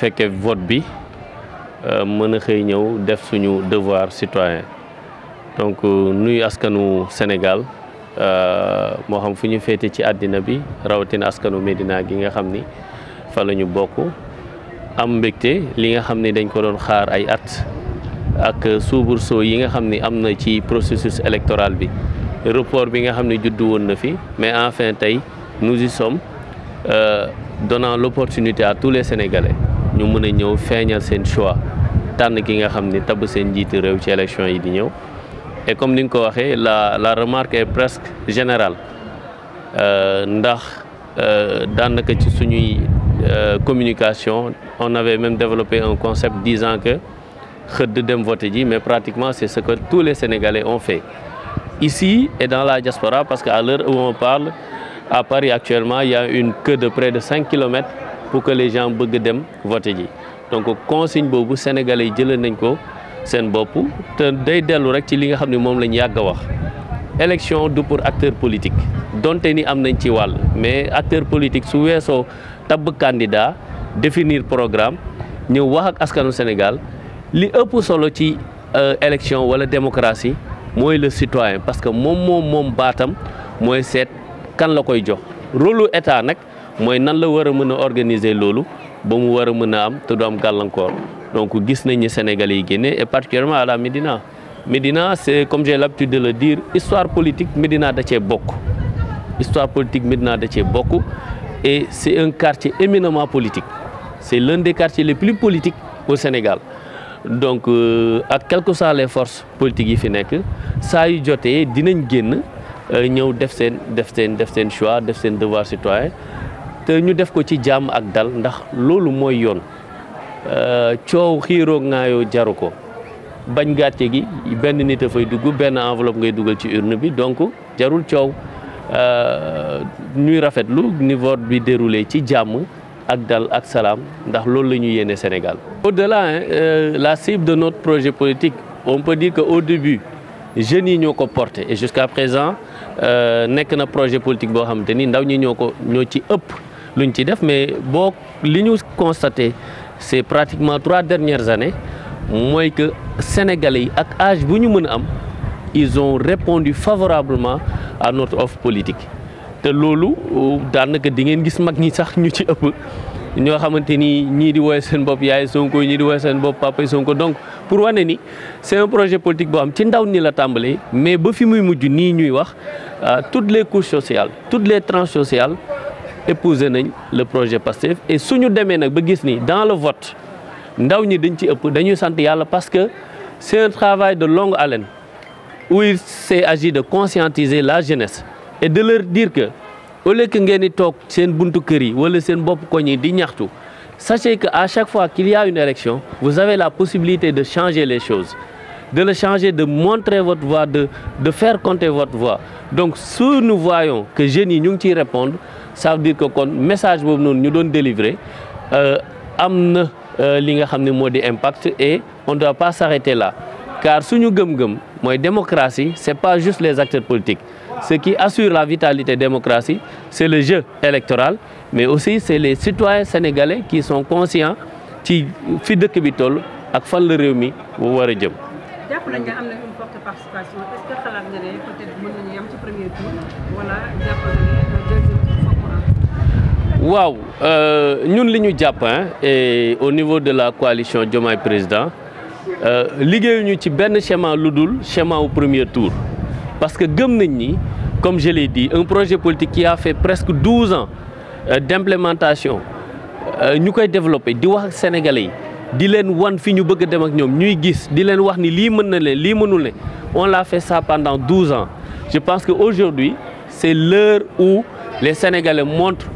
fekkee vote bi euh, mën a xëy ñëw def suñu devoir citoyen donc euh, nuyu askanu Sénégal euh, moo xam fu ñu féete ci àddina bi rawatina askanu Médina gi nga xam ni fa la ñu bokk am mbégte li nga xam ni dañ ko doon xaar ay at ak soubresaut yi nga xam ni am na ci processus électoral bi report bi nga xam ne juddu woon na fi mais enfin tey nous y sommes donnant l'opportunité à tous les Sénégalais nous avons fait un choix et comme nous la remarque est presque générale euh, Dans euh, la euh, communication on avait même développé un concept disant que dem voter mais pratiquement c'est ce que tous les Sénégalais ont fait ici et dans la diaspora parce qu'à l'heure où on parle à Paris actuellement il y a une queue de près de 5 kilomètres pour que bëgg dem voter ji donc consigne boobu sénégalais yi jëlee nañ ko seen bopp day dellu rek ci li nga xam ne moom lañ yàgg a wax élection du pour acteur politique donte ni am nañ ci wàll mais acteur politique su weesoo tabb candidat définir programme ñëw wax ak askanu Sénégal li ëpp solo ci euh, élection wala démocratie mooy le citoyen parce que moom moom moom baatam mooy seet kan la koy jox rôlu état nag moy nan la wara a organiser loolu ba mu am te am donc gis nañ ni Sénégalais yi Guinée, et particulièrement à la Médina Médina c'est comme j'ai l'habitude de le dire histoire politique Médina da ci histoire politique Médina da ci et c'est un quartier éminemment politique c'est l'un des quartiers les plus politiques au Sénégal donc à euh, quelque que les forces politiques yi fi Ça été yu une dinañ génn euh, def def choix def devoirs devoir citoyen te ñu def ko ci jàmm ak dal ndax loolu mooy yoon euh, coow xiiroo ŋaayoo jaru ko bañ gàcce gi ben nité fay dugg ben enveloppe ngay duggal ci urne bi donc jarul ciow euh ñuy rafetlu ni vote bi déroulé ci jàmm ak dal ak salam ndax lolu lañu yéné Sénégal. Au-delà hein, euh, la cible de notre projet politique on peut dire que au début je yi ñoo ko porté et jusqu'à présent euh, nekk na projet politique boo xamante ni ndaw ñi ñoo ko ëpp luñ ci def mais bon, li constaté c'est pratiquement trois dernières années mooy que sénégalais à ak âge bu am ils ont répondu favorablement à notre offre politique De loolu daanaka di ngeen gis mag ñi sax ñu ci ëpp ni ñii di woowee seen ni yaay Sonko ñii di donc pour wane ni c'est un projet politique bon, xam ci ndaw ni la tàmbalee mais ba fi muy mujj ñuy euh, toutes les couches sociales toutes les tranches sociales épouser le projet passif et si nous nag dans le vote nous ñi dañ ci ëpp parce que c'est un travail de longue haleine où il s'est agi de conscientiser la jeunesse et de leur dire que au lieu que ngeen une toog seen buntu wala seen sachez qu'à chaque fois qu'il y a une élection vous avez la possibilité de changer les choses de le changer, de montrer votre voix, de, faire compter votre voix. Donc, si nous voyons que Génie nous répondent, ça veut dire que le message que nous devons délivrer euh, am euh, impact et on ne doit pas s'arrêter là car si nous sommes la démocratie n'est pas juste les acteurs politiques ce qui assure la vitalité de la démocratie c'est le jeu électoral mais aussi c'est les citoyens sénégalais qui sont conscients qui fi dëkk bi toll ak le la mi participation est-ce que vous peut-être premier tour waaw euh, Nous, li ñu jàpp hein, et au niveau de la coalition Diomaye Président nous euh, ci benn schéma lu schéma au premier tour parce que gëm nañ ni comme je l'ai dit un projet politique qui a fait presque 12 ans euh, d'implémentation Nous avons développé di wax sénégalais yi di leen wan fi ñu bëgg a ak ñuy gis di nous wax ni lii mën on l'a fait ça pendant 12 ans je pense que aujourd'hui c'est l'heure où les sénégalais montrent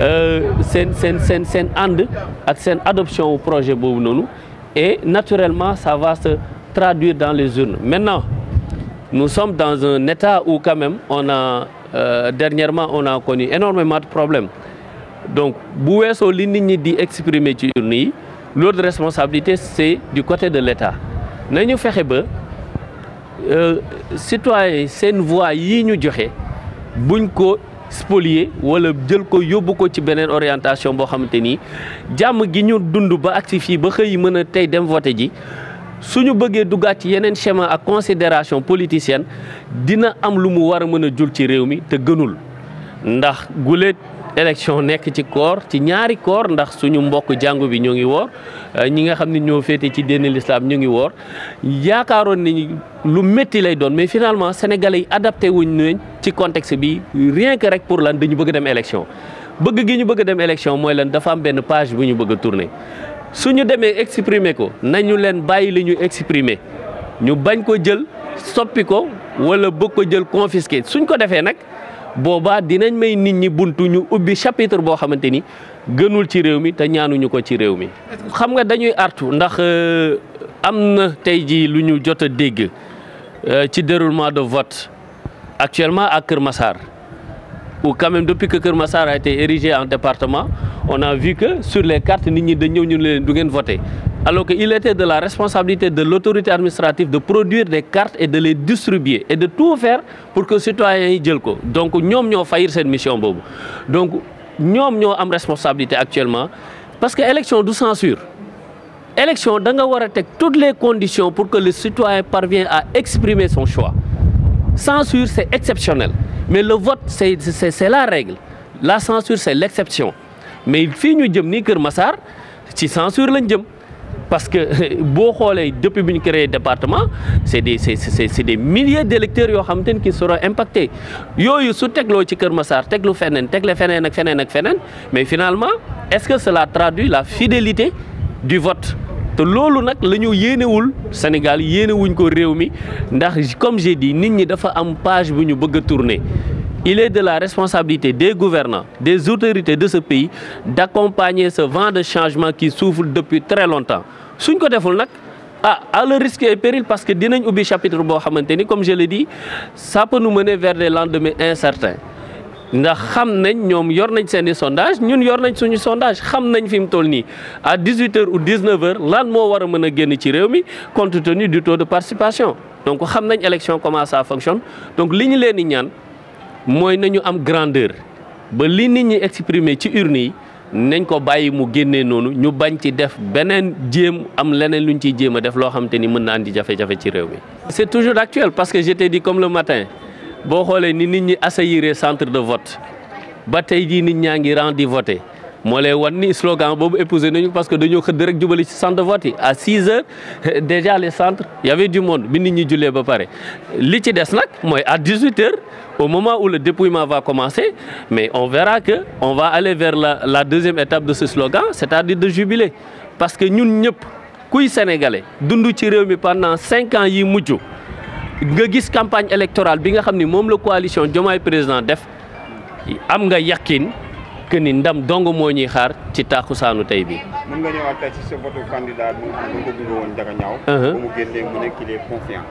c'est euh, une adoption au projet bobu et naturellement ça va se traduire dans les urnes maintenant nous sommes dans un état où quand même on a euh, dernièrement on a connu énormément de problèmes donc bu on li nit ñi di exprimer ci urne l'autre responsabilité c'est du côté de l'état nañu que ba euh, citoyens une voix yi ñu buñ spolier wala jël ko yóbbu ko ci beneen orientation boo xamante ni jàmm gi ñu dund ba agsi fii ba xëy mën a tey dem vote ji su ñu bëggee duggaat ci yeneen schéma ak considération politicienne dina am lu mu war a mën a jul ci réew mi te gënul ndax guléet élection nekk ci koor ci ñaari koor ndax suñu mbokk jàngu bi ñu ngi woor euh, ñi nga xam ni ñoo féete ci dénn lislaam ñu ngi woor yaakaaroon ni lu métti lay doon mais finalement sénégalais yi adapté wuñ nañ ci contexte bi rien que rek pour lan dañu bëgg dem élection bëgg gi ñu bëgg dem élection mooy lan dafa am benn page bu ñu bëgg a tourner suñu demee exprimer ko nañu leen bàyyi li ñu exprimer ñu bañ ko jël soppi ko wala bëgg ko jël confisqué suñ ko defee nag boobaa dinañ may nit ñi buntu ñu ubbi chapitre boo xamante ni gënul ci réew mi te ñaanuñu ko ci réew mi. xam nga dañuy artu ndax euh, am na tey jii lu ñu jot a dégg euh, ci déroulement de vote actuellement à Kër Massar ou quand même depuis que Kër Massar a été érigé en département on a vu que sur les cartes nit ñi da ñëw ñu leen du ngeen voté. alors qu'il était de la responsabilité de l'autorité administrative de produire des cartes et de les distribuer et de tout faire pour que citoyens citoyen le donc nous avons fait cette mission donc nous avons une responsabilité actuellement parce que élection de censure élection da nga toutes les conditions pour que le citoyen parvienne à exprimer son choix censure c'est exceptionnel mais le vote c'est la règle la censure c'est l'exception mais il finit jëm nii Kër Massar c'est censure parce que beaucoup xoolee depuis bu créé département c'est des c' est des milliers d'électeurs Yo, yoo xamante ni qui seront impactés yooyu su tegloo ci Kër fenen, teglu le tegle feneen ak fenen. ak fenen. mais finalement est ce que cela traduit la fidélité du vote te loolu n'ak la ñu Sénégal yéenewuñ ko réew mi ndax comme j'ai dit nit ñi dafa am page bu ñu bëgg tourner il est de la responsabilité des gouvernants, des autorités de ce pays d'accompagner ce vent de changement qui souffle depuis très longtemps. Suñ ko deful ah, à ah, le risque et péril parce que dinañ chapitre bo xamanteni comme je l'ai dit ça peut nous mener vers des lendemains incertains nous xam nañ ñom yor nañ seeni sondage ñun yor nañ suñu sondage xam nañ à 18 h ou 19 h lan mo wara mëna génn compte tenu du taux de participation donc xam nañ élection commence à fonctionner donc nous leen ñaan mooy nañu am grandeur ba li nit ñi exprimer ci urne yi nañ ko bàyyi mu génnee noonu ñu bañ ci def beneen jéem am leneen lu ñu ciy jéem a def loo xam te ni mën na di jafe-jafe ci réew mi. c'est toujours actuel parce que je di comme le matin boo xoolee ni nit ñi assailliré centre de vote ba tey jii nit ñaa ngi rendi voter Moi lay slogan bon épousé nous parce que nous xëdd rek jubilé centre de vote à 6 heures eh, déjà les centres y avait du monde bi nit ñi de ba à 18 heures au moment où le dépouillement va commencer mais on verra que on va aller vers la deuxième étape de ce slogan c'est-à-dire de jubiler parce que nous, ñëpp kuy sénégalais nous avons été pendant 5 ans yi avons nga campagne électorale bi nga xam ni la coalition Diomaye président def am nga que ni ndam dong moo ñuy xaar ci tàkkusaanu tey tey ci sa vote candidat bi nga uh-huh. nekk il est confiant.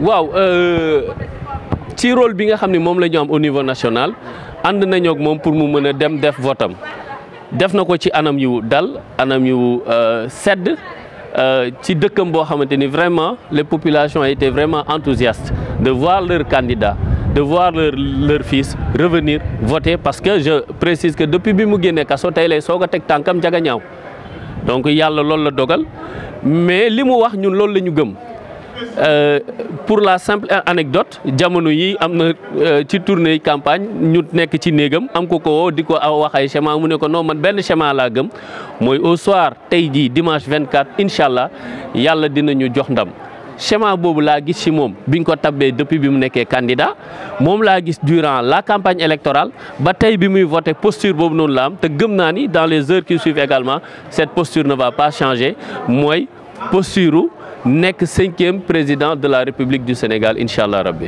waaw euh, ci rôle bi nga xam ne moom la ñu am au niveau national ànd nañoo ak moom pour mu mën a dem def votam def na ko ci anam yu dal anam yu euh, sedd. Euh, ci dëkkam boo xamante ni vraiment les populations étaient vraiment enthousiastes de voir leur candidat de voir leur, fils revenir voter parce que je précise que depuis que je suis kaso lay soog a jaga donc la dogal mais limu wax ñun lool lañu euh, pour la simple anecdote jamono yi amna euh, ci tournée campagne ñu nek ci négam am ko ko diko wax ay schéma mu ne ko non man gëm au soir dimanche 24 Inch'Allah, yalla dinañu schéma bobu la gis ci mom biñ depuis bi mu suis candidat je suis gis durant la campagne électorale ba tay bi muy voter posture la am te dans les heures qui suivent également cette posture ne va pas changer Moi posture 5 cinquième président de la République du Sénégal Inch'Allah, rabbi